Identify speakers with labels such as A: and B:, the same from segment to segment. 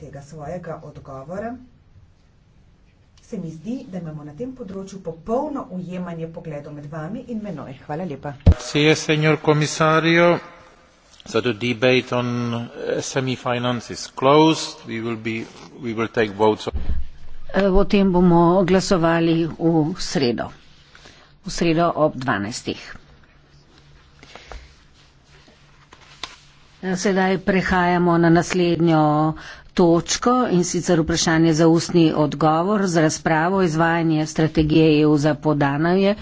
A: tega svojega odgovora, se mi zdi, da imamo na tem področju popolno ujemanje pogledov med vami in menoj. Hvala lepa. Sije, senjor komisarjo, za to debate on eh, SME finance is closed. We will, be, we will take votes on...
B: Eh, o tem bomo glasovali v sredo. V sredo ob 12. Sedaj prehajamo na naslednjo točko in sicer vprašanje za ustni odgovor z razpravo izvajanje strategije EU za podanavje,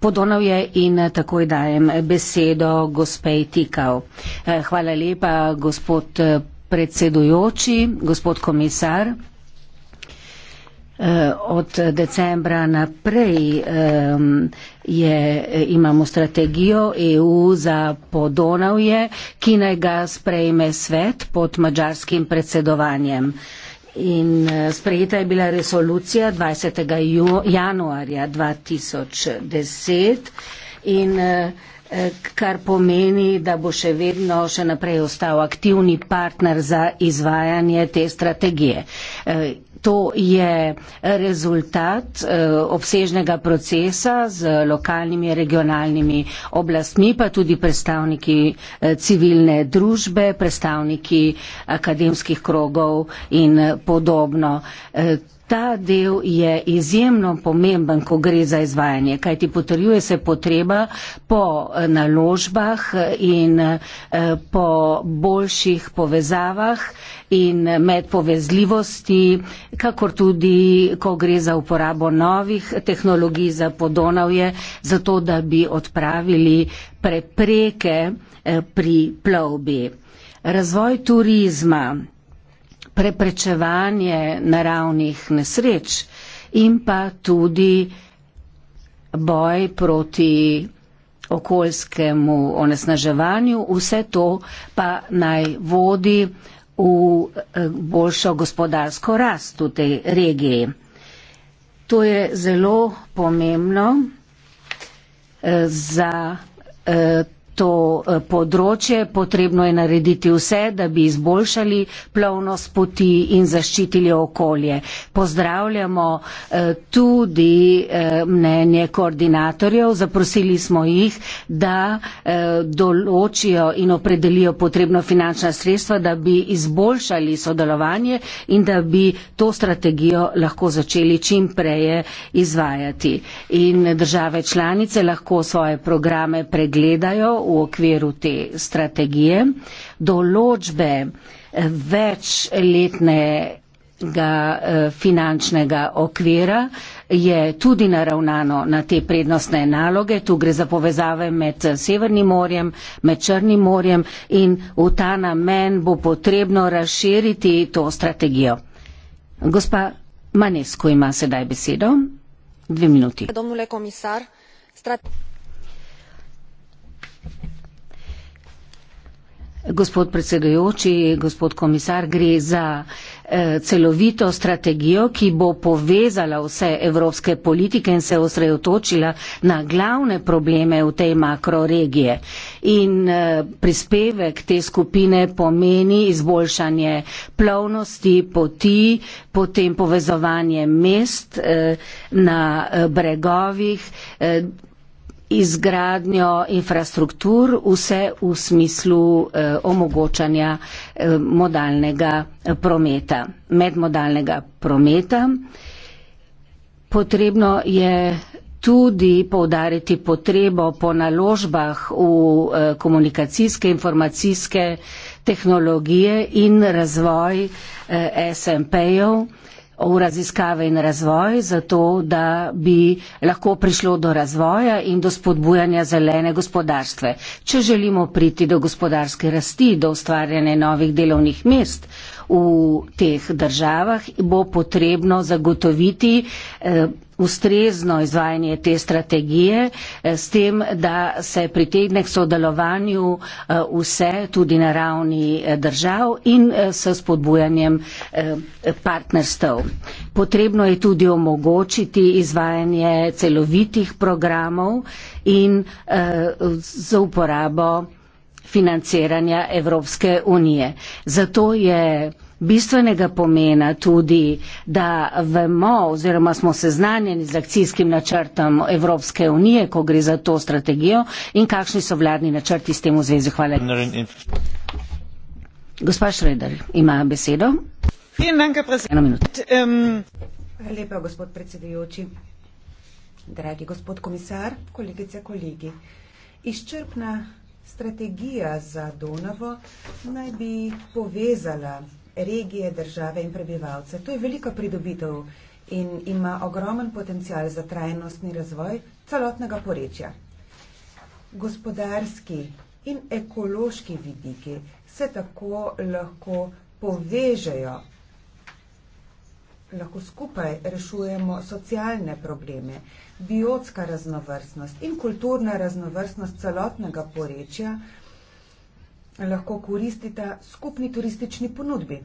B: podonavje in takoj dajem besedo gospej Tikav. Eh, hvala lepa, gospod eh, predsedujoči, gospod komisar. Eh, od decembra naprej je, imamo strategijo EU za Podonavje, ki naj ga sprejme svet pod mađarskim predsedovanjem. In eh, sprejeta je bila resolucija 20. januarja 2010 in eh, kar pomeni, da bo še vedno še naprej ostal aktivni partner za izvajanje te strategije to je rezultat eh, obsežnega procesa z lokalnimi in regionalnimi oblastmi, pa tudi predstavniki eh, civilne družbe, predstavniki akademskih krogov in podobno. Eh, Ta del je izjemno pomemben, ko gre za izvajanje, kajti potrjuje se potreba po eh, naložbah in eh, po boljših povezavah in med povezljivosti, kakor tudi, ko gre za uporabo novih tehnologij za podonavje, zato da bi odpravili prepreke eh, pri plovbi. Razvoj turizma preprečevanje naravnih nesreč in pa tudi boj proti okoljskemu onesnaževanju, vse to pa naj vodi v eh, boljšo gospodarsko rast v tej regiji. To je zelo pomembno eh, za eh, to eh, področje, potrebno je narediti vse, da bi izboljšali plovnost poti in zaščitili okolje. Pozdravljamo eh, tudi eh, mnenje koordinatorjev, zaprosili smo jih, da določijo in opredelijo potrebno finančna sredstva, da bi izboljšali sodelovanje in da bi to strategijo lahko začeli čim preje izvajati. In države članice lahko svoje programe pregledajo v okviru te strategije določbe večletnega eh, finančnega okvira je tudi naravnano na te prednostne naloge. Tu gre za povezave med eh, Severnim morjem, med Črnim morjem in v ta namen bo potrebno razširiti to strategijo. Gospa Manesko ima sedaj besedo. Dve minuti.
A: Domnule komisar, strategija.
B: Gospod predsedujoči, gospod komisar, gre za eh, celovito strategijo, ki bo povezala vse evropske politike in se osredotočila na glavne probleme v tej makroregije. In eh, prispevek te skupine pomeni izboljšanje plovnosti, poti, potem povezovanje mest eh, na bregovih, izgradnjo infrastruktur, vse v smislu eh, omogočanja eh, modalnega eh, prometa, medmodalnega prometa. Potrebno je tudi povdariti potrebo po naložbah v eh, komunikacijske, informacijske tehnologije in razvoj eh, SMP-jev v raziskave in razvoj, zato da bi lahko prišlo do razvoja in do spodbujanja zelene gospodarstve. Če želimo priti do gospodarske rasti, do ustvarjanja novih delovnih mest v teh državah, bo potrebno zagotoviti eh, ustrezno izvajanje te strategije, eh, s tem, da se pritegne k sodelovanju eh, vse, tudi na ravni eh, držav in s spodbujanjem partnerstv. Potrebno je tudi omogočiti izvajanje celovitih programov in z uporabo financiranja Evropske unije. Zato je bistvenega pomena tudi, da vemo oziroma smo seznanjeni z akcijskim načrtom Evropske unije, ko gre za to strategijo in kakšni so vladni načrti s tem v zvezi. Hvala. Gospa Šreder ima besedo.
A: Eno minuto. Ähm, Hvala lepa, gospod predsedujoči. Dragi gospod komisar, kolegice, kolegi. Izčrpna strategija za Donavo naj bi povezala regije, države in prebivalce. To je velika pridobitev in ima ogromen potencial za trajnostni razvoj celotnega porečja. Gospodarski in ekološki vidiki se tako lahko povežejo, lahko skupaj rešujemo socialne probleme, biotska raznovrstnost in kulturna raznovrstnost celotnega porečja lahko koristita skupni turistični ponudbi.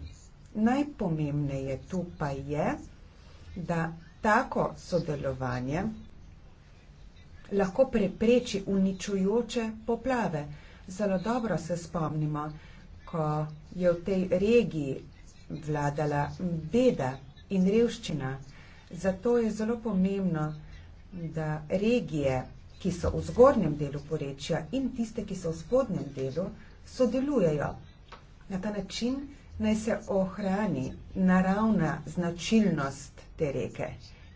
A: Najpomembneje tu pa je, da tako sodelovanje lahko prepreči uničujoče poplave. Zelo dobro se spomnimo, ko je v tej regiji vladala beda in revščina. Zato je zelo pomembno, da regije, ki so v zgornjem delu porečja in tiste, ki so v spodnjem delu, sodelujejo. Na ta način naj se ohrani naravna značilnost te reke.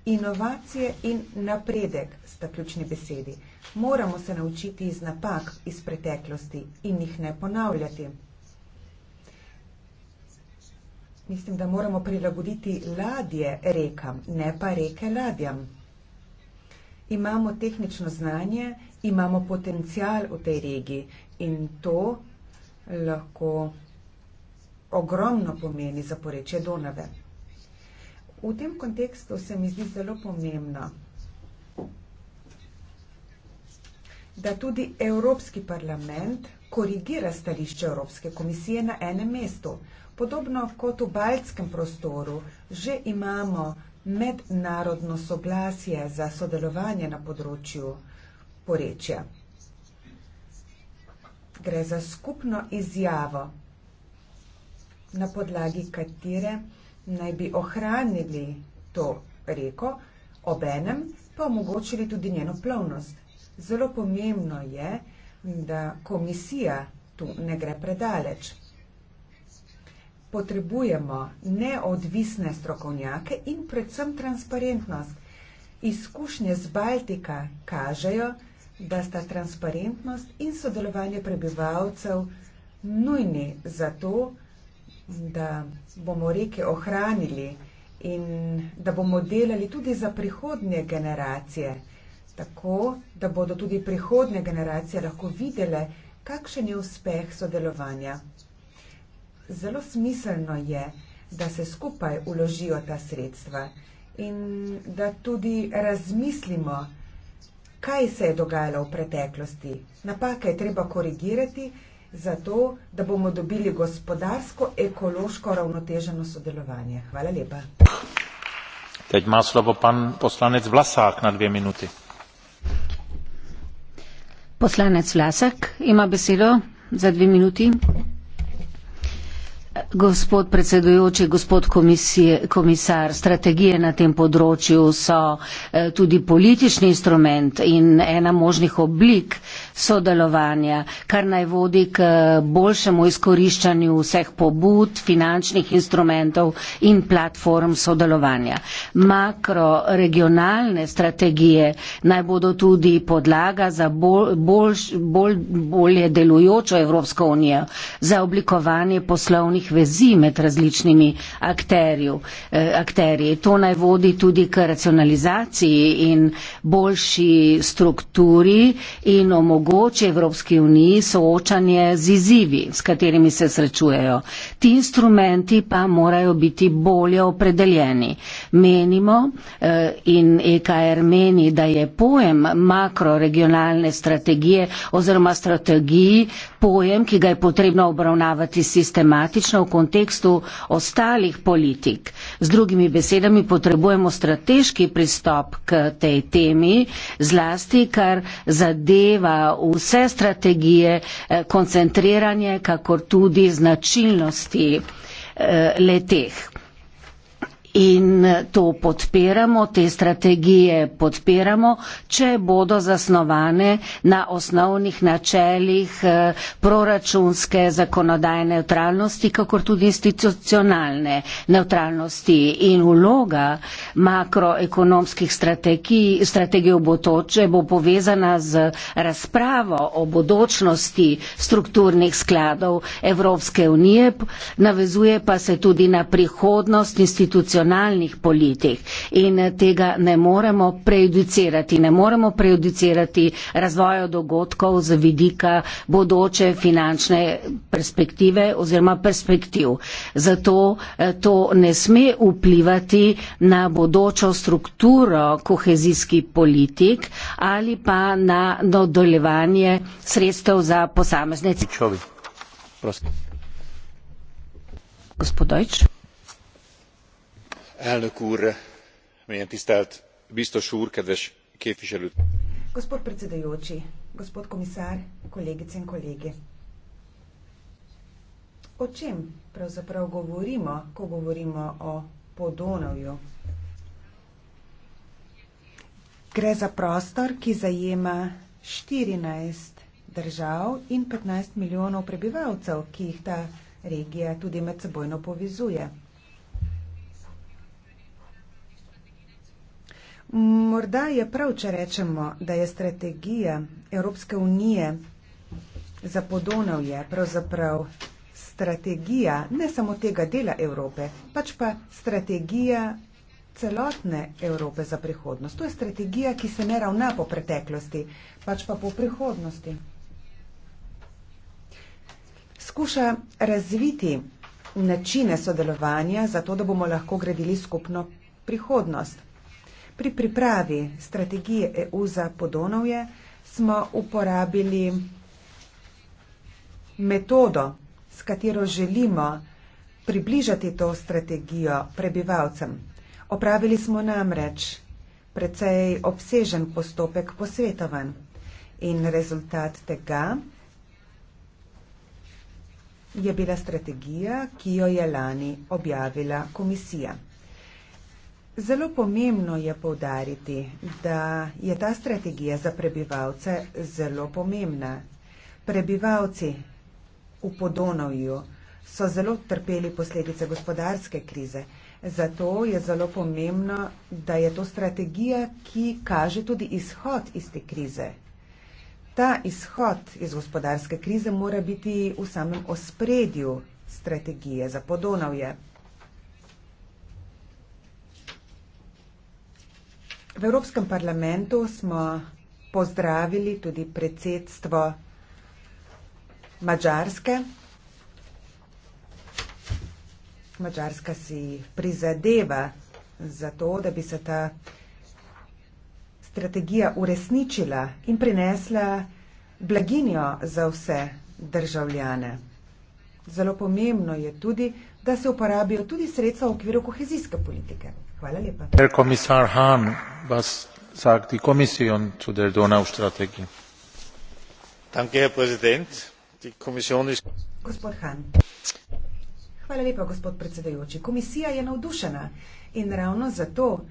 A: Inovacije in napredek sta ključni besedi. Moramo se naučiti iz napak iz preteklosti in jih ne ponavljati. Mislim, da moramo prilagoditi ladje rekam, ne pa reke ladjam. Imamo tehnično znanje, imamo potencial v tej regiji in to lahko ogromno pomeni za porečje Donave. V tem kontekstu se mi zdi zelo pomembno, da tudi Evropski parlament korigira stališče Evropske komisije na enem mestu. Podobno kot v baltskem prostoru že imamo mednarodno soglasje za sodelovanje na področju porečja gre za skupno izjavo, na podlagi katere naj bi ohranili to reko, obenem pa omogočili tudi njeno plovnost. Zelo pomembno je, da komisija tu ne gre predaleč. Potrebujemo neodvisne strokovnjake in predvsem transparentnost. Izkušnje z Baltika kažejo, da da sta transparentnost in sodelovanje prebivalcev nujni za to, da bomo reke ohranili in da bomo delali tudi za prihodnje generacije, tako da bodo tudi prihodnje generacije lahko videle, kakšen je uspeh sodelovanja. Zelo smiselno je, da se skupaj uložijo ta sredstva in da tudi razmislimo, kaj se je dogajalo v preteklosti. Napake je treba korigirati, zato da bomo dobili gospodarsko-ekološko ravnoteženo sodelovanje. Hvala lepa.
B: Teď ima slovo pan poslanec Vlasak na dve minuti. Poslanec Vlasak ima besedo za dve minuti. Gospod predsedujoči, gospod komisar, strategije na tem področju so eh, tudi politični instrument in ena možnih oblik sodelovanja, kar naj vodi k eh, boljšemu izkoriščanju vseh pobud, finančnih instrumentov in platform sodelovanja. Makroregionalne strategije naj bodo tudi podlaga za bolj, bolj, bolj, bolje delujočo Evropsko unijo, za oblikovanje poslovnih vezi vezi med različnimi eh, akterji. To naj vodi tudi k racionalizaciji in boljši strukturi in omogoče Evropski uniji soočanje z izzivi, s katerimi se srečujejo. Ti instrumenti pa morajo biti bolje opredeljeni. Menimo eh, in EKR meni, da je pojem makroregionalne strategije oziroma strategiji pojem, ki ga je potrebno obravnavati sistematično, kontekstu ostalih politik. Z drugimi besedami potrebujemo strateški pristop k tej temi, zlasti kar zadeva vse strategije, eh, koncentriranje, kakor tudi značilnosti eh, leteh in to podpiramo, te strategije podpiramo, če bodo zasnovane na osnovnih načelih eh, proračunske zakonodaje neutralnosti, kakor tudi institucionalne neutralnosti in vloga makroekonomskih strategij, strategij v botoče bo povezana z razpravo o bodočnosti strukturnih skladov Evropske unije, navezuje pa se tudi na prihodnost institucionalnih nacionalnih politik in eh, tega ne moremo prejudicirati. Ne moremo prejudicirati razvoja dogodkov z vidika bodoče finančne perspektive oziroma perspektiv. Zato eh, to ne sme vplivati na bodočo strukturo kohezijskih politik ali pa na dodeljevanje sredstev za posameznice. Gospod Deutsch
A: gospod predsedujoči gospod komisar kolegice in kolegi o čem pravzaprav govorimo ko govorimo o podonavju gre za prostor ki zajema štirinajst držav in petnajst milijonov prebivalcev ki jih ta regija tudi medsebojno povezuje Morda je prav, če rečemo, da je strategija Evropske unije za Podonavje pravzaprav strategija ne samo tega dela Evrope, pač pa strategija celotne Evrope za prihodnost. To je strategija, ki se ne ravna po preteklosti, pač pa po prihodnosti. Skuša razviti načine sodelovanja, zato da bomo lahko gradili skupno prihodnost. Pri pripravi strategije EU za Podonovje smo uporabili metodo, s katero želimo približati to strategijo prebivalcem. Opravili smo namreč precej obsežen postopek posvetovanj in rezultat tega je bila strategija, ki jo je lani objavila komisija. Zelo pomembno je povdariti, da je ta strategija za prebivalce zelo pomembna. Prebivalci v Podonovju so zelo trpeli posledice gospodarske krize, zato je zelo pomembno, da je to strategija, ki kaže tudi izhod iz te krize. Ta izhod iz gospodarske krize mora biti v samem ospredju strategije za Podonovje. V Evropskem parlamentu smo pozdravili tudi predsedstvo Mačarske. Mačarska si prizadeva za to, da bi se ta strategija uresničila in prinesla blaginjo za vse državljane. Zelo pomembno je tudi, da se uporabijo tudi sredstva v okviru kohezijske politike. Hvala lepa herr präsident! die kommission ist. gospod hahn hvala lepa gospod predsedujoči. komisija je navdušena in ravno zato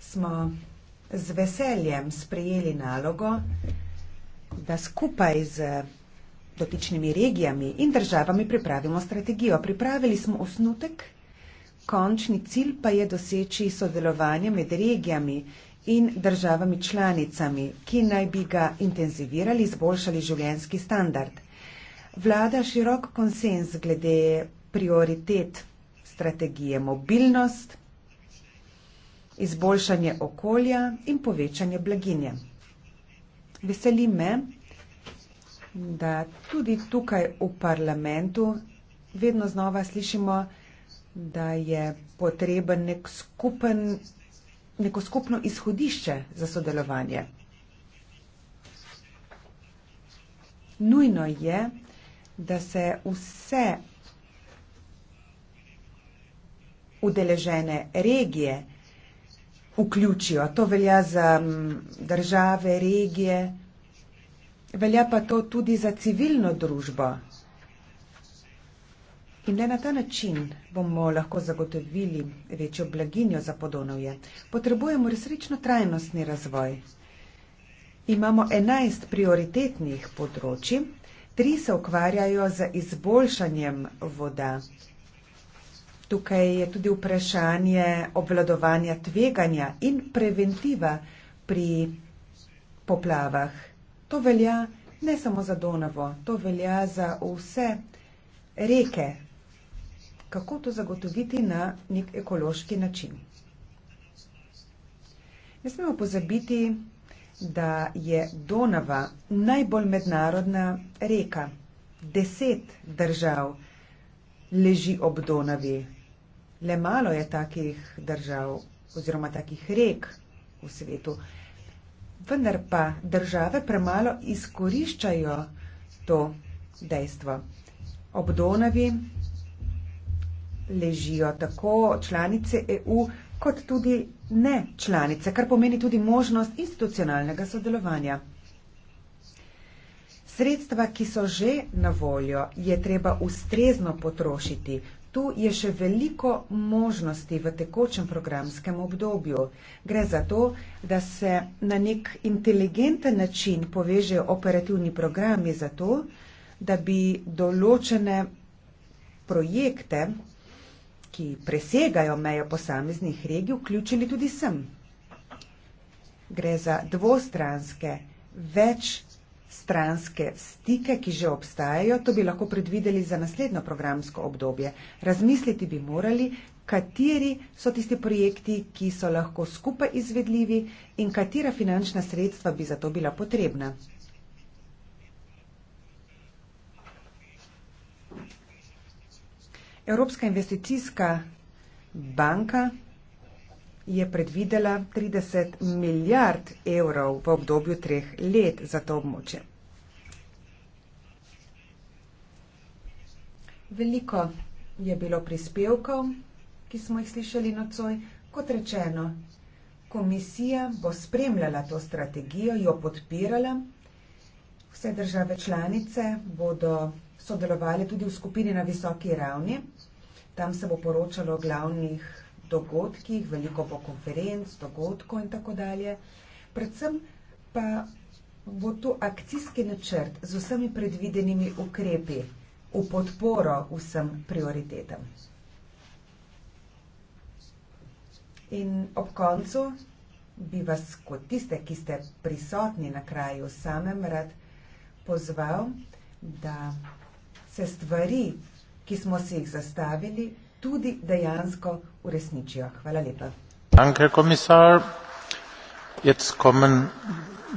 A: smo z veseljem sprejeli nalogo da skupaj z dotičnimi regijami in državami pripravimo strategijo. pripravili smo osnutek končni cilj pa je doseči sodelovanje med regijami in državami članicami, ki naj bi ga intenzivirali, izboljšali življenski standard. Vlada širok konsens glede prioritet strategije mobilnost, izboljšanje okolja in povečanje blaginje. Veseli me, da tudi tukaj v parlamentu vedno znova slišimo, da je potreben nek skupen neko skupno izhodišče za sodelovanje. Nujno je, da se vse udeležene regije vključijo. To velja za države, regije, velja pa to tudi za civilno družbo. In le na ta način bomo lahko zagotovili večjo blaginjo za podonovje. Potrebujemo resnično trajnostni razvoj. Imamo 11 prioritetnih področji, tri se ukvarjajo z izboljšanjem voda. Tukaj je tudi vprašanje obvladovanja tveganja in preventiva pri poplavah. To velja ne samo za Donavo, to velja za vse reke kako to zagotoviti na nek ekološki način. Ne smemo pozabiti, da je Donava najbolj mednarodna reka. Deset držav leži ob Donavi. Le malo je takih držav oziroma takih rek v svetu. Vendar pa države premalo izkoriščajo to dejstvo. Ob Donavi ležijo tako članice EU, kot tudi ne članice, kar pomeni tudi možnost institucionalnega sodelovanja. Sredstva, ki so že na voljo, je treba ustrezno potrošiti. Tu je še veliko možnosti v tekočem programskem obdobju. Gre za to, da se na nek inteligenten način povežejo operativni programi za to, da bi določene projekte ki presegajo mejo posameznih regij, vključili tudi sem. Gre za dvostranske, večstranske stike, ki že obstajajo, to bi lahko predvideli za naslednjo programsko obdobje. Razmisliti bi morali, kateri so tisti projekti, ki so lahko skupaj izvedljivi in katera finančna sredstva bi za to bila potrebna. Evropska investicijska banka je predvidela 30 milijard evrov v obdobju treh let za to območje. Veliko je bilo prispevkov, ki smo jih slišali nocoj. Kot rečeno, komisija bo spremljala to strategijo, jo podpirala. Vse države članice bodo sodelovali tudi v skupini na visoki ravni. Tam se bo poročalo o glavnih dogodkih, veliko bo konferenc, dogodkov in tako dalje. Predvsem pa bo to akcijski načrt z vsemi predvidenimi ukrepi v podporo vsem prioritetam. In ob koncu bi vas kot tiste, ki ste prisotni na kraju samem, rad pozval, da se stvari ki smo si jih zastavili, tudi dejansko uresničijo. Hvala lepa. Danke, komisar. Jetzt kommen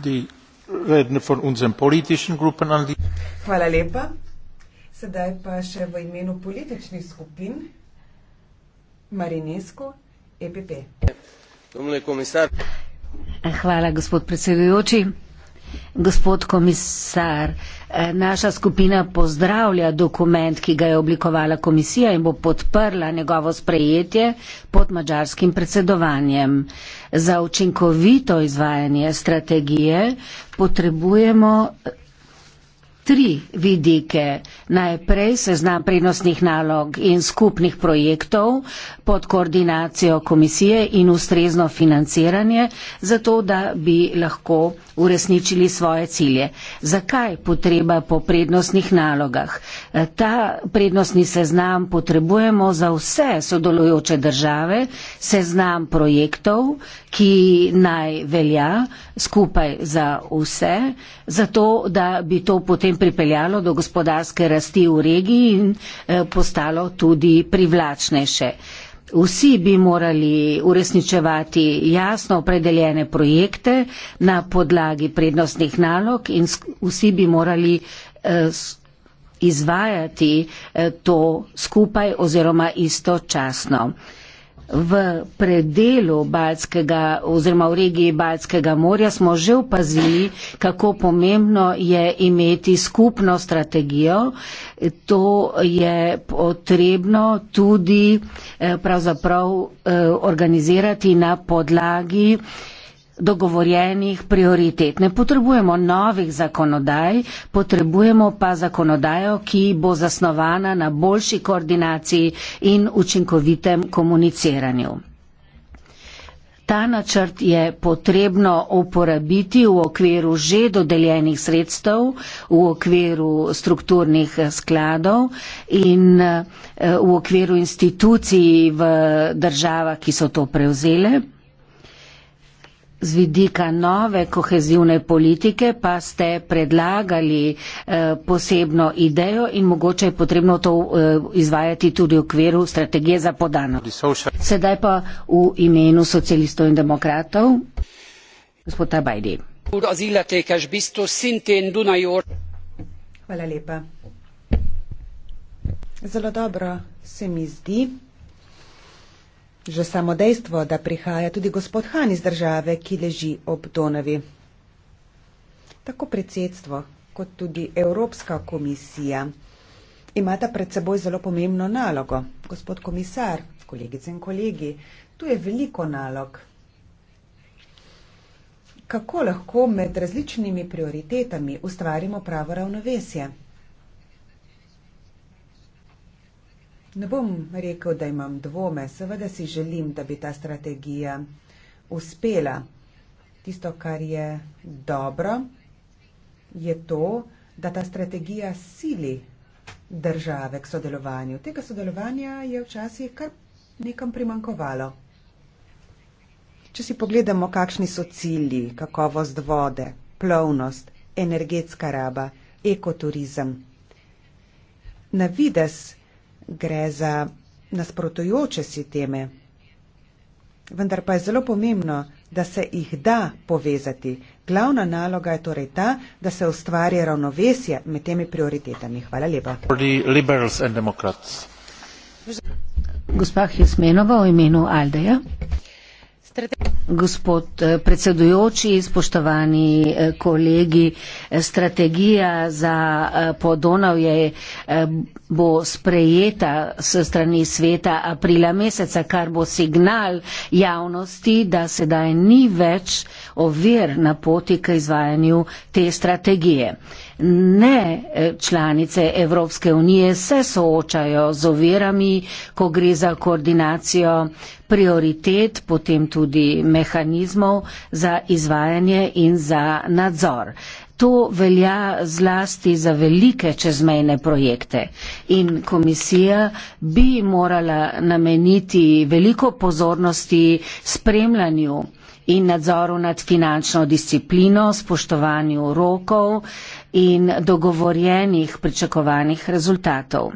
A: die Redner von unseren politischen Gruppen an die. Hvala lepa. Sedaj pa še v imenu političnih skupin
B: Marinesko, EPP. Domnule komisar. Hvala, gospod predsedujoči. Gospod komisar, eh, naša skupina pozdravlja dokument, ki ga je oblikovala komisija in bo podprla njegovo sprejetje pod mađarskim predsedovanjem. Za učinkovito izvajanje strategije potrebujemo tri vidike. Najprej seznam prednostnih nalog in skupnih projektov pod koordinacijo komisije in ustrezno financiranje, zato da bi lahko uresničili svoje cilje. Zakaj potreba po prednostnih nalogah? Ta prednostni seznam potrebujemo za vse sodelujoče države, seznam projektov, ki naj velja skupaj za vse, zato da bi to potem potem pripeljalo do gospodarske rasti v regiji in eh, postalo tudi privlačnejše. Vsi bi morali uresničevati jasno opredeljene projekte na podlagi prednostnih nalog in vsi bi morali eh, izvajati eh, to skupaj oziroma istočasno v predelu Balckega oziroma v regiji Balckega morja smo že upazili, kako pomembno je imeti skupno strategijo. To je potrebno tudi eh, pravzaprav eh, organizirati na podlagi dogovorjenih prioritet. Ne potrebujemo novih zakonodaj, potrebujemo pa zakonodajo, ki bo zasnovana na boljši koordinaciji in učinkovitem komuniciranju. Ta načrt je potrebno uporabiti v okviru že dodeljenih sredstev, v okviru strukturnih skladov in eh, v okviru institucij v državah, ki so to prevzele. Z vidika nove kohezivne politike pa ste predlagali eh, posebno idejo in mogoče je potrebno to eh, izvajati tudi v okviru strategije za podano. Sedaj pa v imenu socialistov in demokratov. Gospod Tabajdi. Hvala lepa. Zelo
A: dobro se mi zdi. Že samo dejstvo, da prihaja tudi gospod Han iz države, ki leži ob Donavi. Tako predsedstvo kot tudi Evropska komisija imata pred seboj zelo pomembno nalogo. Gospod komisar, kolegice in kolegi, tu je veliko nalog. Kako lahko med različnimi prioritetami ustvarimo pravo ravnovesje? Ne bom rekel, da imam dvome. Seveda si želim, da bi ta strategija uspela. Tisto, kar je dobro, je to, da ta strategija sili države k sodelovanju. Tega sodelovanja je včasih kar nekam primankovalo. Če si pogledamo, kakšni so cilji, kakovost vode, plovnost, energetska raba, ekoturizem. Na vides gre za nasprotujoče si teme. Vendar pa je zelo pomembno, da se jih da povezati. Glavna naloga je torej ta, da se ustvari ravnovesje med temi prioritetami.
B: Hvala lepa. Gospa Hismenova v imenu Aldeja. Gospod eh, predsedujoči, spoštovani eh, kolegi, eh, strategija za podonavje bo sprejeta s strani sveta aprila meseca, kar bo signal javnosti, da sedaj ni več ovir na poti k izvajanju te strategije ne eh, članice Evropske unije se soočajo z ovirami, ko gre za koordinacijo prioritet, potem tudi mehanizmov za izvajanje in za nadzor. To velja zlasti za velike čezmejne projekte in komisija bi morala nameniti veliko pozornosti spremljanju in nadzoru nad finančno disciplino, spoštovanju rokov, eh, in dogovorjenih pričakovanih rezultatov.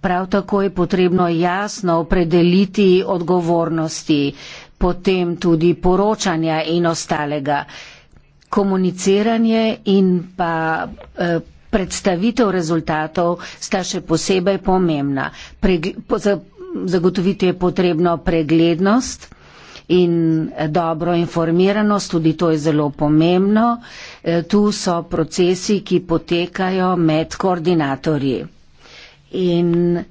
B: Prav tako je potrebno jasno opredeliti odgovornosti, potem tudi poročanja in ostalega. Komuniciranje in pa eh, predstavitev rezultatov sta še posebej pomembna. Pregl zagotoviti je potrebno preglednost in dobro informiranost, tudi to je zelo pomembno. E, tu so procesi, ki potekajo med koordinatorji. In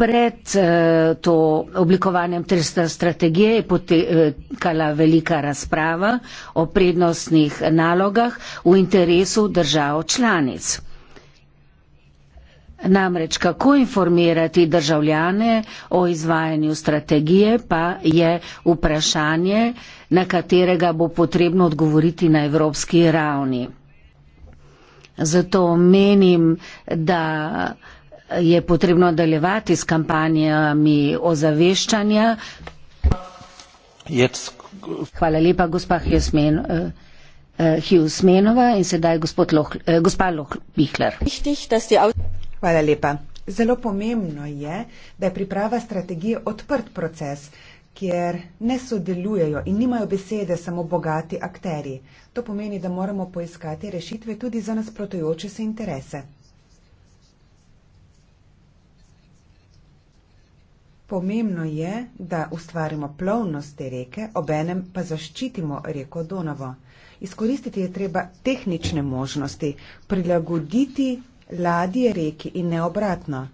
B: pred e, to oblikovanjem trsta strategije je potekala velika razprava o prednostnih nalogah v interesu držav članic. Namreč kako informirati državljane o izvajanju strategije, pa je vprašanje, na katerega bo potrebno odgovoriti na evropski ravni. Zato menim, da je potrebno nadaljevati s kampanjami ozaveščanja. Hvala lepa, gospa Hjusmen. Hugh eh, eh, Smenova in sedaj gospod Loh, eh, gospa Lohbihler. Hvala lepa.
A: Zelo pomembno je, da je priprava strategije odprt proces, kjer ne sodelujejo in nimajo besede samo bogati akteri. To pomeni, da moramo poiskati rešitve tudi za nasprotujoče se interese. Pomembno je, da ustvarimo plovnost te reke, obenem pa zaščitimo reko Donovo. Izkoristiti je treba tehnične možnosti, prilagoditi ladje reki in ne obratno.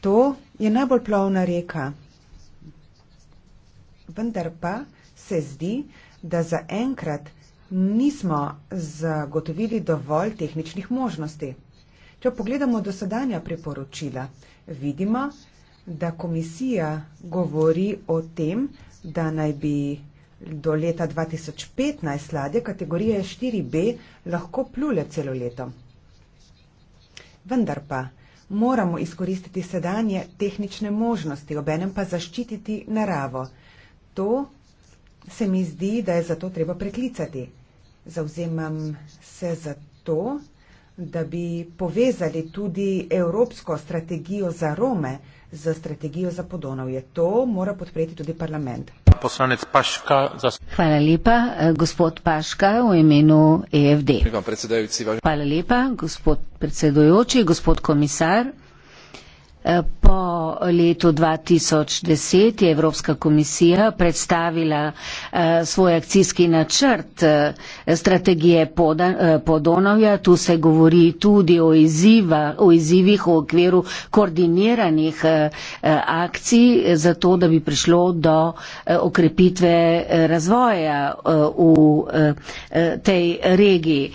A: To je najbolj plovna reka. Vendar pa se zdi, da zaenkrat nismo zagotovili dovolj tehničnih možnosti. Če pogledamo dosedanja priporočila, vidimo, da komisija govori o tem, da naj bi do leta 2015 ladje kategorije 4B lahko plule celo leto vendar pa moramo izkoristiti sedanje tehnične možnosti, obenem pa zaščititi naravo. To se mi zdi, da je zato treba preklicati. Zauzemam se za to, da bi povezali tudi evropsko strategijo za Rome, z strategijo za Podonavje. To mora podpreti tudi parlament.
B: Poslanec Paška za. Hvala lepa, eh, gospod Paška v imenu EFD. Hvala lepa, gospod predsedujoči, gospod komisar. Po letu 2010 je Evropska komisija predstavila eh, svoj akcijski načrt eh, strategije eh, Podonovja. Tu se govori tudi o, iziva, o izivih v okviru koordiniranih akcij, zato da bi prišlo do okrepitve razvoja v tej regiji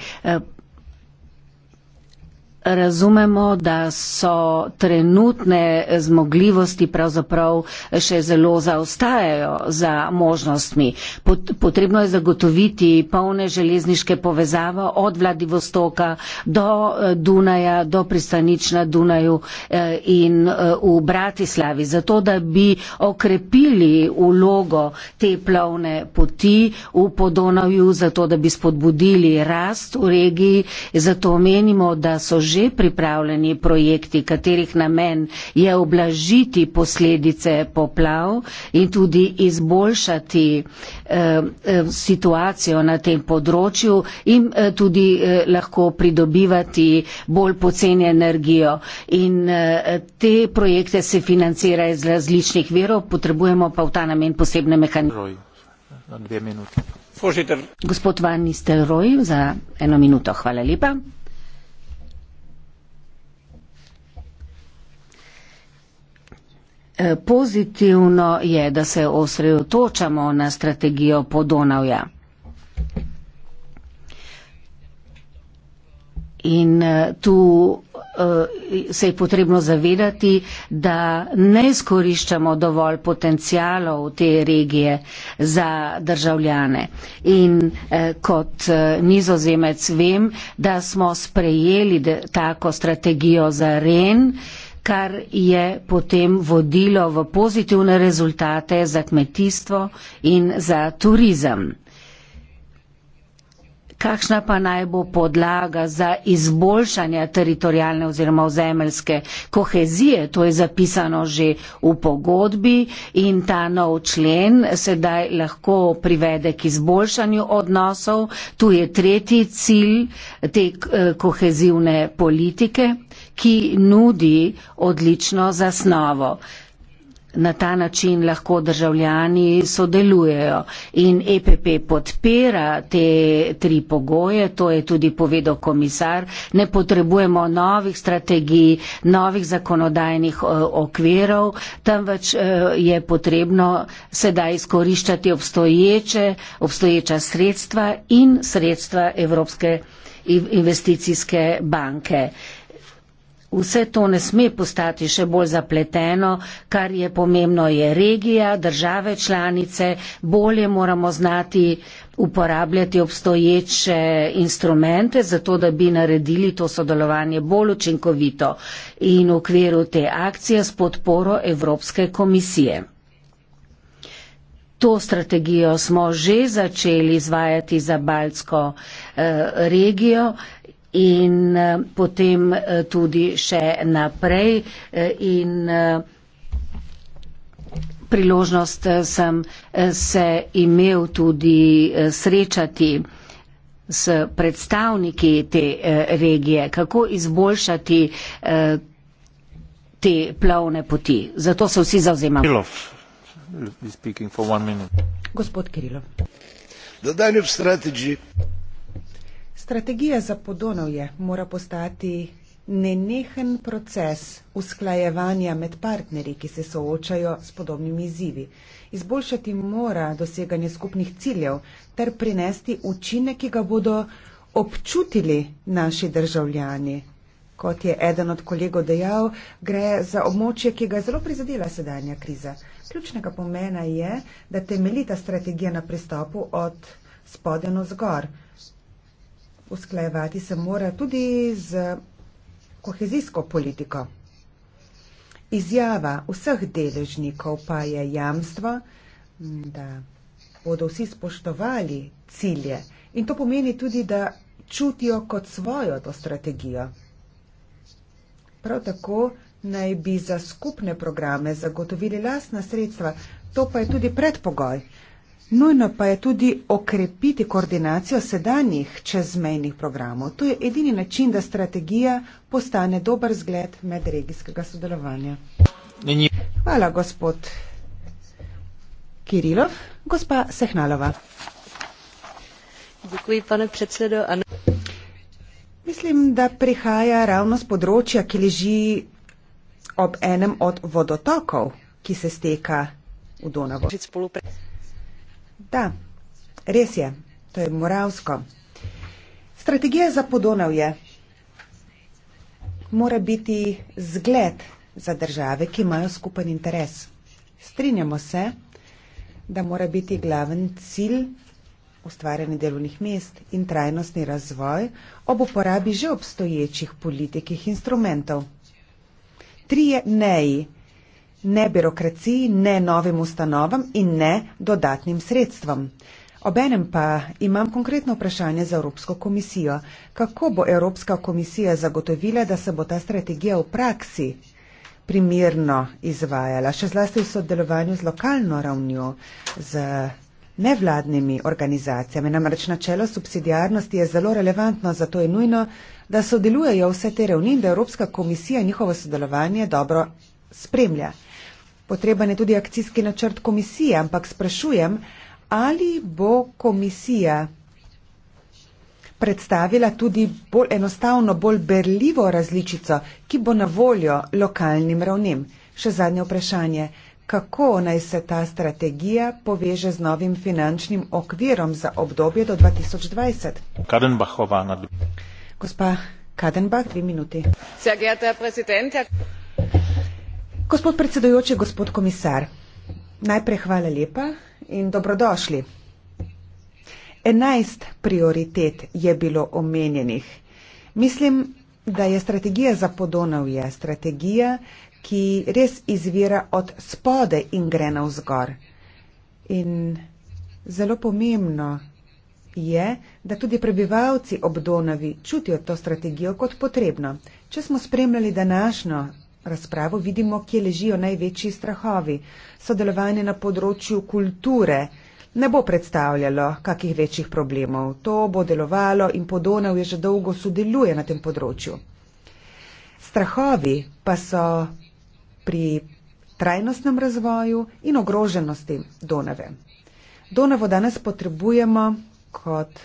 B: razumemo, da so trenutne zmogljivosti pravzaprav še zelo zaostajajo za možnostmi. Potrebno je zagotoviti polne železniške povezave od Vladivostoka do eh, Dunaja, do pristanič na Dunaju eh, in eh, v Bratislavi, zato da bi okrepili ulogo te plovne poti v Podonavju, zato da bi spodbudili rast v regiji. Zato menimo, da so že že pripravljeni projekti, katerih namen je oblažiti posledice poplav in tudi izboljšati eh, eh, situacijo na tem področju in eh, tudi lahko pridobivati bolj poceni energijo. In te projekte se financirajo iz različnih verov, potrebujemo pa v ta namen posebne mehanizme. Gospod Van Nistelrooy za eno minuto. Hvala lepa. Eh, pozitivno je, da se osredotočamo na strategijo Podonavja. In eh, tu eh, se je potrebno zavedati, da ne skoriščamo dovolj potencijalov te regije za državljane. In kot nizozemec vem, da smo sprejeli tako strategijo za REN, kar je potem vodilo v pozitivne rezultate za kmetijstvo in za turizem. Kakšna pa naj bo podlaga za izboljšanje teritorijalne oziroma ozemeljske kohezije? To je zapisano že v pogodbi in ta nov člen sedaj lahko privede k izboljšanju odnosov. Tu je tretji cilj te eh, kohezivne politike ki nudi odlično zasnovo. Na ta način lahko državljani sodelujejo in EPP podpira te tri pogoje, to je tudi povedal komisar. Ne potrebujemo novih strategij, novih zakonodajnih eh, okvirov, temveč eh, je potrebno sedaj izkoriščati obstoječe, obstoječa sredstva in sredstva Evropske investicijske banke. Vse to ne sme postati še bolj zapleteno, kar je pomembno je regija, države članice, bolje moramo znati uporabljati obstoječe instrumente, zato da bi naredili to sodelovanje bolj učinkovito in v okviru te akcije s podporo Evropske komisije. To strategijo smo že začeli izvajati za Baltsko eh, regijo in eh, potem eh, tudi še naprej. Eh, in priložnost sem se imel tudi srečati s predstavniki te regije, kako izboljšati te plavne poti. Zato se vsi zauzemamo. Gospod Kirilov. The Danube strategy
A: Strategija za podonovje mora postati nenehen proces usklajevanja med partnerji, ki se soočajo s podobnimi izzivi. Izboljšati mora doseganje skupnih ciljev ter prinesti učine, ki ga bodo občutili naši državljani. Kot je eden od kolegov dejal, gre za območje, ki ga je zelo prizadela sedanja kriza. Ključnega pomena je, da temeljita strategija na pristopu od spodeno zgor usklajevati se mora tudi z kohezijsko politiko. Izjava vseh deležnikov pa je jamstvo, da bodo vsi spoštovali cilje in to pomeni tudi, da čutijo kot svojo to strategijo. Prav tako naj bi za skupne programe zagotovili lasna sredstva, to pa je tudi predpogoj, Nujno pa je tudi okrepiti koordinacijo sedanjih čezmejnih programov. To je edini način, da strategija postane dober zgled medregijskega sodelovanja. Hvala, gospod Kirilov. Gospa Sehnalova.
B: Dekuji, pane predsedo. Ano.
A: Mislim, da prihaja ravno z področja, ki leži ob enem od vodotokov, ki se steka v Donavo. Spolupre. Da, res je, to je moralsko. Strategija za podonavje mora biti zgled za države, ki imajo skupen interes. Strinjamo se, da mora biti glaven cilj ustvarjanje delovnih mest in trajnostni razvoj ob uporabi že obstoječih politik in instrumentov. Trije neji ne birokraciji, ne novim ustanovam in ne dodatnim sredstvom. Obenem pa imam konkretno vprašanje za Evropsko komisijo. Kako bo Evropska komisija zagotovila, da se bo ta strategija v praksi primirno izvajala, še zlasti v sodelovanju z lokalno ravnjo, z nevladnimi organizacijami. Namreč načelo subsidijarnosti je zelo relevantno, zato je nujno, da sodelujejo vse te ravni in da Evropska komisija njihovo sodelovanje dobro spremlja. Potreben je tudi akcijski načrt komisije, ampak sprašujem, ali bo komisija predstavila tudi bolj enostavno, bolj berljivo različico, ki bo na voljo lokalnim ravnem. Še zadnje vprašanje, kako naj se ta strategija poveže z novim finančnim okvirom za obdobje do 2020? Kadenbachova na drugi. Gospa Kadenbach, dve minuti. Gospod predsedujoči, gospod komisar, najprej hvala lepa in dobrodošli. Enajst prioritet je bilo omenjenih. Mislim, da je strategija za podonavje strategija, ki res izvira od spode in gre navzgor. In zelo pomembno je, da tudi prebivalci ob Donavi čutijo to strategijo kot potrebno. Če smo spremljali današnjo razpravo vidimo, kje ležijo največji strahovi. Sodelovanje na področju kulture ne bo predstavljalo kakih večjih problemov. To bo delovalo in Podonav je že dolgo sodeluje na tem področju. Strahovi pa so pri trajnostnem razvoju in ogroženosti Donave. Donavo danes potrebujemo kot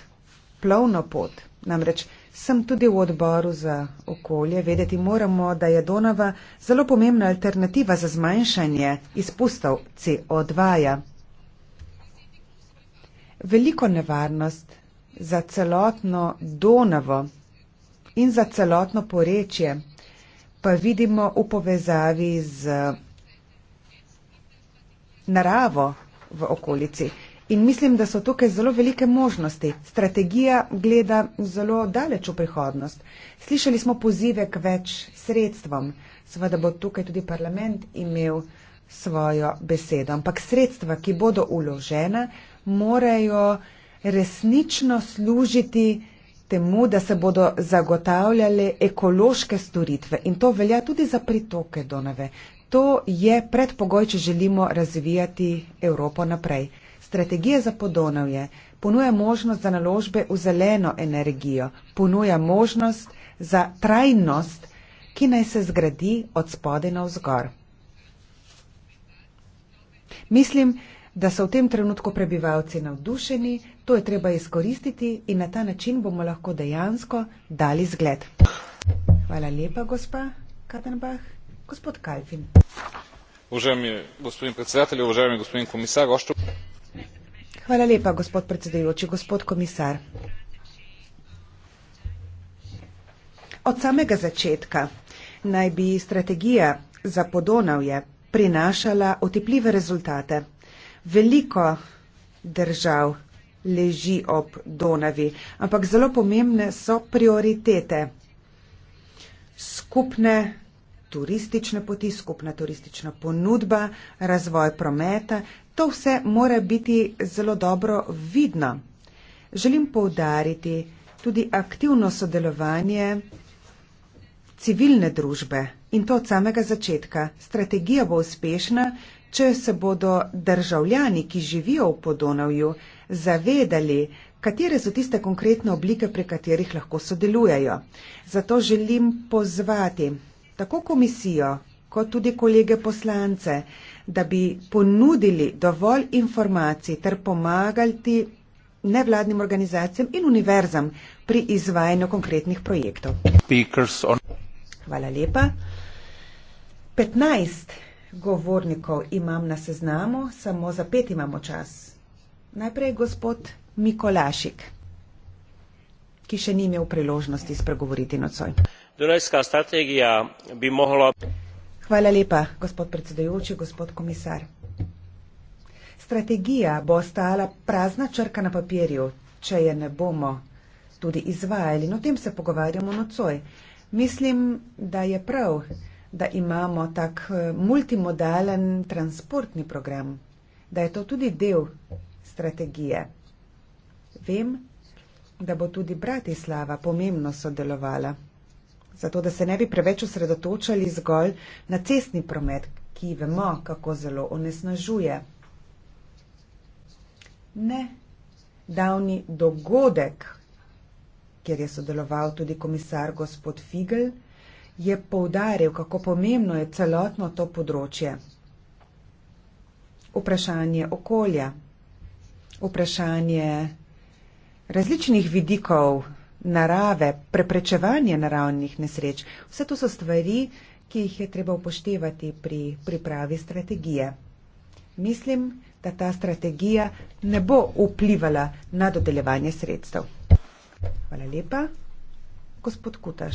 A: plovno pot. Namreč Sem tudi v odboru za okolje. Vedeti moramo, da je Donava zelo pomembna alternativa za zmanjšanje izpustov CO2. -ja. Veliko nevarnost za celotno Donavo in za celotno porečje pa vidimo v povezavi z naravo v okolici. In mislim, da so tukaj zelo velike možnosti. Strategija gleda zelo daleč v prihodnost. Slišali smo pozive k več sredstvom. Seveda bo tukaj tudi parlament imel svojo besedo. Ampak sredstva, ki bodo uložena, morajo resnično služiti temu, da se bodo zagotavljale ekološke storitve. In to velja tudi za pritoke Donave. To je predpogoj, če želimo razvijati Evropo naprej. Strategija za Podonavje ponuja možnost za naložbe v zeleno energijo, ponuja možnost za trajnost, ki naj se zgradi od spode na vzgor. Mislim, da so v tem trenutku prebivalci navdušeni, to je treba izkoristiti in na ta način bomo lahko dejansko dali zgled. Hvala lepa, gospa Katanbah. Gospod Kalfin. Уважаеми господин председател, уважаеми господин комисар, още Hvala lepa, gospod predsedujoči, gospod komisar. Od samega začetka naj bi strategija za podonavje prinašala otepljive rezultate. Veliko držav leži ob Donavi, ampak zelo pomembne so prioritete. Skupne turistične poti, skupna turistična ponudba, razvoj prometa, To vse mora biti zelo dobro vidno. Želim poudariti tudi aktivno sodelovanje civilne družbe in to od samega začetka. Strategija bo uspešna, če se bodo državljani, ki živijo v Podonavju, zavedali, katere so tiste konkretne oblike, pri katerih lahko sodelujejo. Zato želim pozvati tako komisijo, kot tudi kolege poslance, da bi ponudili dovolj informacij ter pomagali nevladnim organizacijam in univerzam pri izvajanju konkretnih projektov. Hvala lepa. 15 govornikov imam na seznamu, samo za pet imamo čas. Najprej gospod Mikolašik, ki še ni imel priložnosti spregovoriti nocoj.
B: Dunajska strategija bi mogla.
A: Hvala lepa, gospod predsedujoči, gospod komisar. Strategija bo ostala prazna črka na papirju, če je ne bomo tudi izvajali. No, o tem se pogovarjamo nocoj. Mislim, da je prav, da imamo tak eh, multimodalen transportni program, da je to tudi del strategije. Vem, da bo tudi Bratislava pomembno sodelovala zato da se ne bi preveč osredotočali zgolj na cestni promet, ki vemo, kako zelo onesnažuje. Ne, davni dogodek, kjer je sodeloval tudi komisar gospod Figel, je poudaril, kako pomembno je celotno to področje. Vprašanje okolja, vprašanje različnih vidikov narave, preprečevanje naravnih nesreč. Vse to so stvari, ki jih je treba upoštevati pri pripravi strategije. Mislim, da ta strategija ne bo vplivala na dodeljevanje sredstev. Hvala lepa. Gospod Kutaš.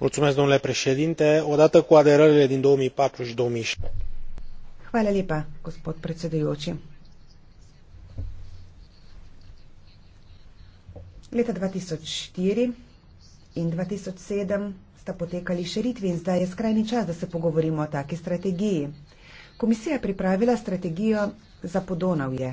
A: Mulțumesc, domnule președinte. Odată cu aderările din 2004 și 2006. Hvala lepa, gospod predsedujoči. Leta 2004 in 2007 sta potekali širitvi in zdaj je skrajni čas, da se pogovorimo o taki strategiji. Komisija je pripravila strategijo za Podonavje.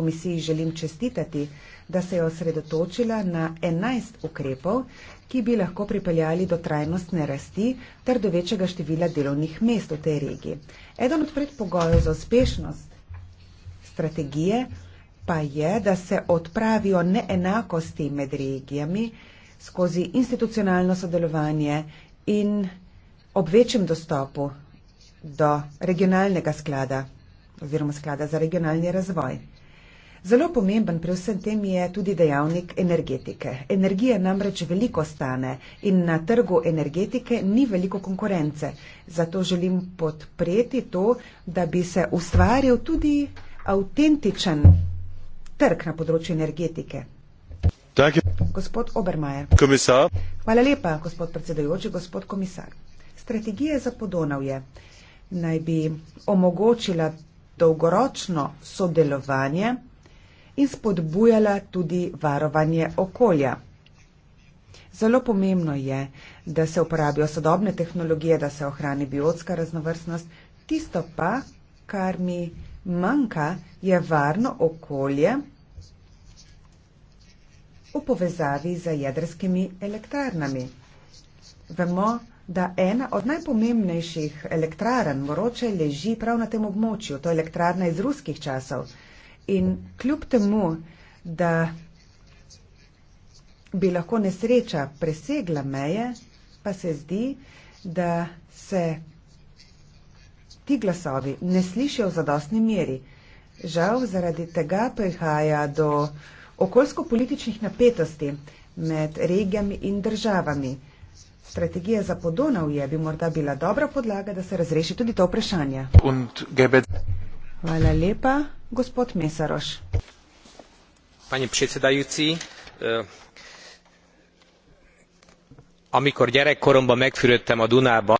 A: Komisiji želim čestitati, da se je osredotočila na 11 ukrepov, ki bi lahko pripeljali do trajnostne rasti ter do večjega števila delovnih mest v tej regiji. Eden od predpogojev za uspešnost strategije pa je, da se odpravijo neenakosti med regijami skozi institucionalno sodelovanje in ob večjem dostopu do regionalnega sklada oziroma sklada za regionalni razvoj. Zelo pomemben pri vsem tem je tudi dejavnik energetike. Energija namreč veliko stane in na trgu energetike ni veliko konkurence. Zato želim podpreti to, da bi se ustvaril tudi avtentičen trg na področju energetike. Dakle. Gospod Obermajer. Komisar. Hvala lepa, gospod predsedajoči, gospod komisar. Strategija za Podonavje naj bi omogočila dolgoročno sodelovanje in spodbujala tudi varovanje okolja. Zelo pomembno je, da se uporabijo sodobne tehnologije, da se ohrani biotska raznovrstnost. Tisto pa, kar mi manjka, je varno okolje v povezavi z jedrskimi elektrarnami. Vemo, da ena od najpomembnejših elektrarn vroče leži prav na tem območju. To je elektrarna iz ruskih časov. In kljub temu, da bi lahko nesreča presegla meje, pa se zdi, da se ti glasovi ne slišijo v zadostni meri. Žal zaradi tega prihaja do okoljsko-političnih napetosti med regijami in državami. Strategija za Podonavje bi morda bila dobra podlaga, da se razreši tudi to vprašanje. Hvala lepa, gospod Mesaroš.
B: Pani predsedajuci, eh, amikor gere korombo megfürjetem od Dunajba.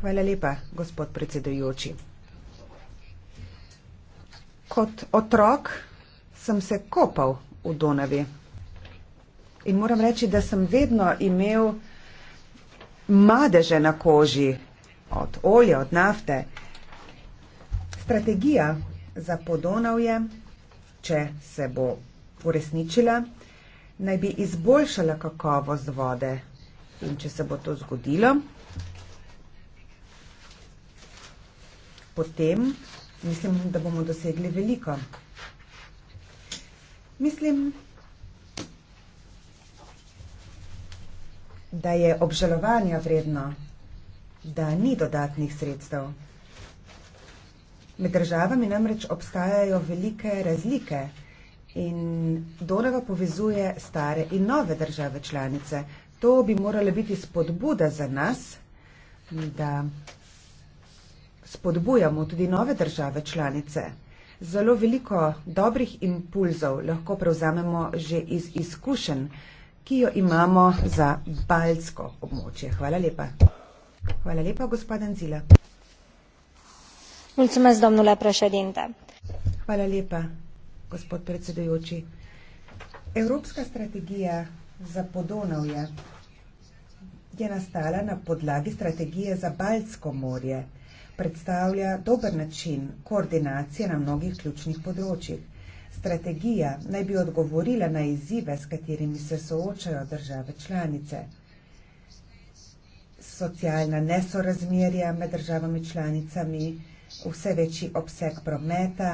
A: Hvala lepa, gospod predsedujoči. Kot otrok sem se kopal v Donavi in moram reči, da sem vedno imel madeže na koži od olja, od nafte. Strategija za Podonavje, če se bo uresničila, naj bi izboljšala kakovost vode. In če se bo to zgodilo, potem mislim, da bomo dosegli veliko. Mislim, da je obžalovanja vredno, da ni dodatnih sredstev. Med državami namreč obstajajo velike razlike in Donava povezuje stare in nove države članice. To bi moralo biti spodbuda za nas, da spodbujamo tudi nove države članice. Zelo veliko dobrih impulzov lahko prevzamemo že iz izkušenj, ki jo imamo za baljsko območje. Hvala lepa. Hvala lepa, gospod Anzila.
B: Mulțumesc, domnule președinte. Hvala lepa,
A: gospod predsedujoči. Evropska strategija za Podonavje je nastala na podlagi strategije za Baljsko morje predstavlja dober način koordinacije na mnogih ključnih področjih. Strategija naj bi odgovorila na izzive, s katerimi se soočajo države članice. Socialna nesorazmerja med državami članicami, vse večji obseg prometa,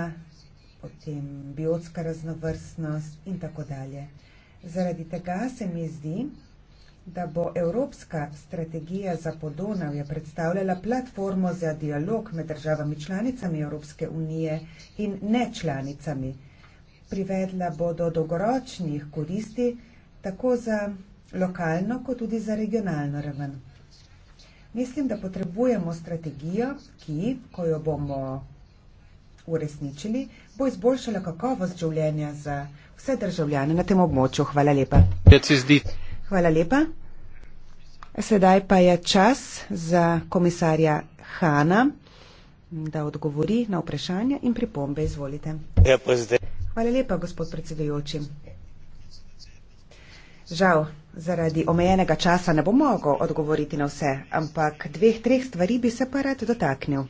A: potem biotska raznovrstnost in tako dalje. Zaradi tega se mi zdi, da bo Evropska strategija za Podonavje predstavljala platformo za dialog med državami članicami Evropske unije in nečlanicami. Privedla bo do dolgoročnih koristi tako za lokalno, kot tudi za regionalno raven. Mislim, da potrebujemo strategijo, ki, ko jo bomo uresničili, bo izboljšala kakovost življenja za vse državljane na tem območju. Hvala lepa. Ja, Hvala lepa. Sedaj pa je čas za komisarja Hana, da odgovori na vprašanja in pripombe. Izvolite. Hvala lepa, gospod predsedujoči. Žal, zaradi omejenega časa ne bom mogel odgovoriti na vse, ampak dveh, treh stvari bi se pa rad dotaknil.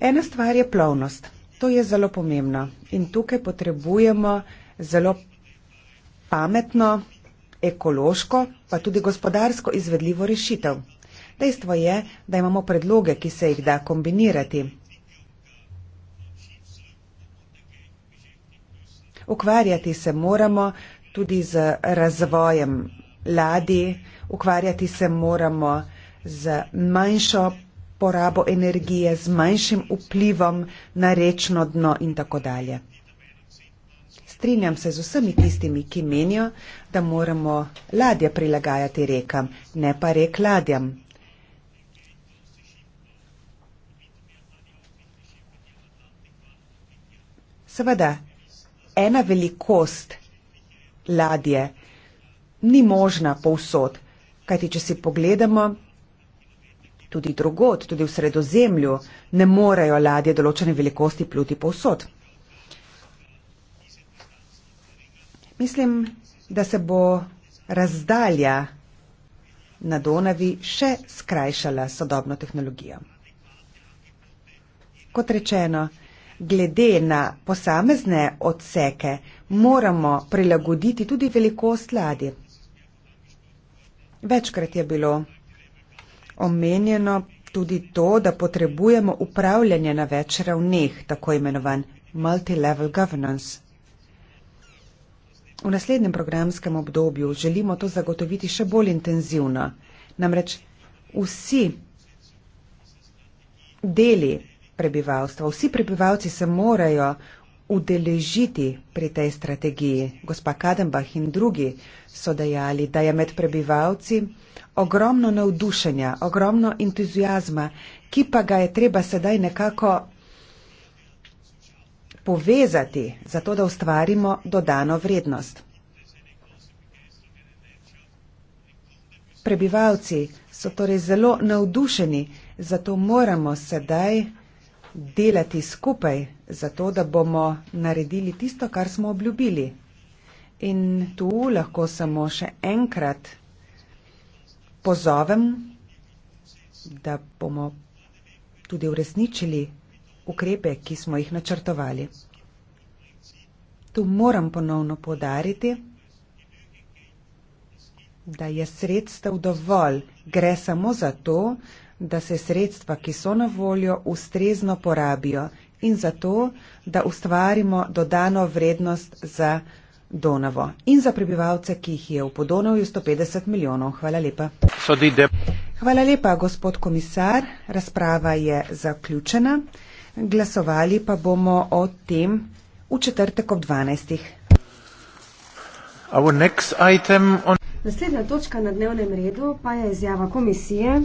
A: Ena stvar je plovnost. To je zelo pomembno in tukaj potrebujemo zelo pametno ekološko, pa tudi gospodarsko izvedljivo rešitev. Dejstvo je, da imamo predloge, ki se jih da kombinirati. Ukvarjati se moramo tudi z razvojem ladi, ukvarjati se moramo z manjšo porabo energije, z manjšim vplivom na rečno dno in tako dalje strinjam se z vsemi tistimi, ki menijo, da moramo ladje prilagajati rekam, ne pa rek ladjam. Seveda, ena velikost ladje ni možna povsod, kajti če si pogledamo, tudi drugod, tudi v sredozemlju, ne morejo ladje določene velikosti pluti povsod. Mislim, da se bo razdalja na Donavi še skrajšala sodobno tehnologijo. Kot rečeno, glede na posamezne odseke moramo prilagoditi tudi velikost ladje. Večkrat je bilo omenjeno tudi to, da potrebujemo upravljanje na več ravneh, tako imenovan multilevel governance. V naslednjem programskem obdobju želimo to zagotoviti še bolj intenzivno. Namreč vsi deli prebivalstva, vsi prebivalci se morajo udeležiti pri tej strategiji. Gospa Kadenbach in drugi so dejali, da je med prebivalci ogromno navdušenja, ogromno entuzijazma, ki pa ga je treba sedaj nekako povezati, zato da ustvarimo dodano vrednost. Prebivalci so torej zelo navdušeni, zato moramo sedaj delati skupaj, zato da bomo naredili tisto, kar smo obljubili. In tu lahko samo še enkrat pozovem, da bomo tudi uresničili ukrepe, ki smo jih načrtovali. Tu moram ponovno podariti, da je sredstev dovolj. Gre samo za to, da se sredstva, ki so na voljo, ustrezno porabijo in za to, da ustvarimo dodano vrednost za Donavo in za prebivalce, ki jih je v Podonavju 150 milijonov. Hvala lepa. Hvala lepa, gospod komisar. Razprava je zaključena. Glasovali pa bomo o tem v četrtek ob 12. On...
B: Naslednja točka na dnevnem redu pa je izjava komisije.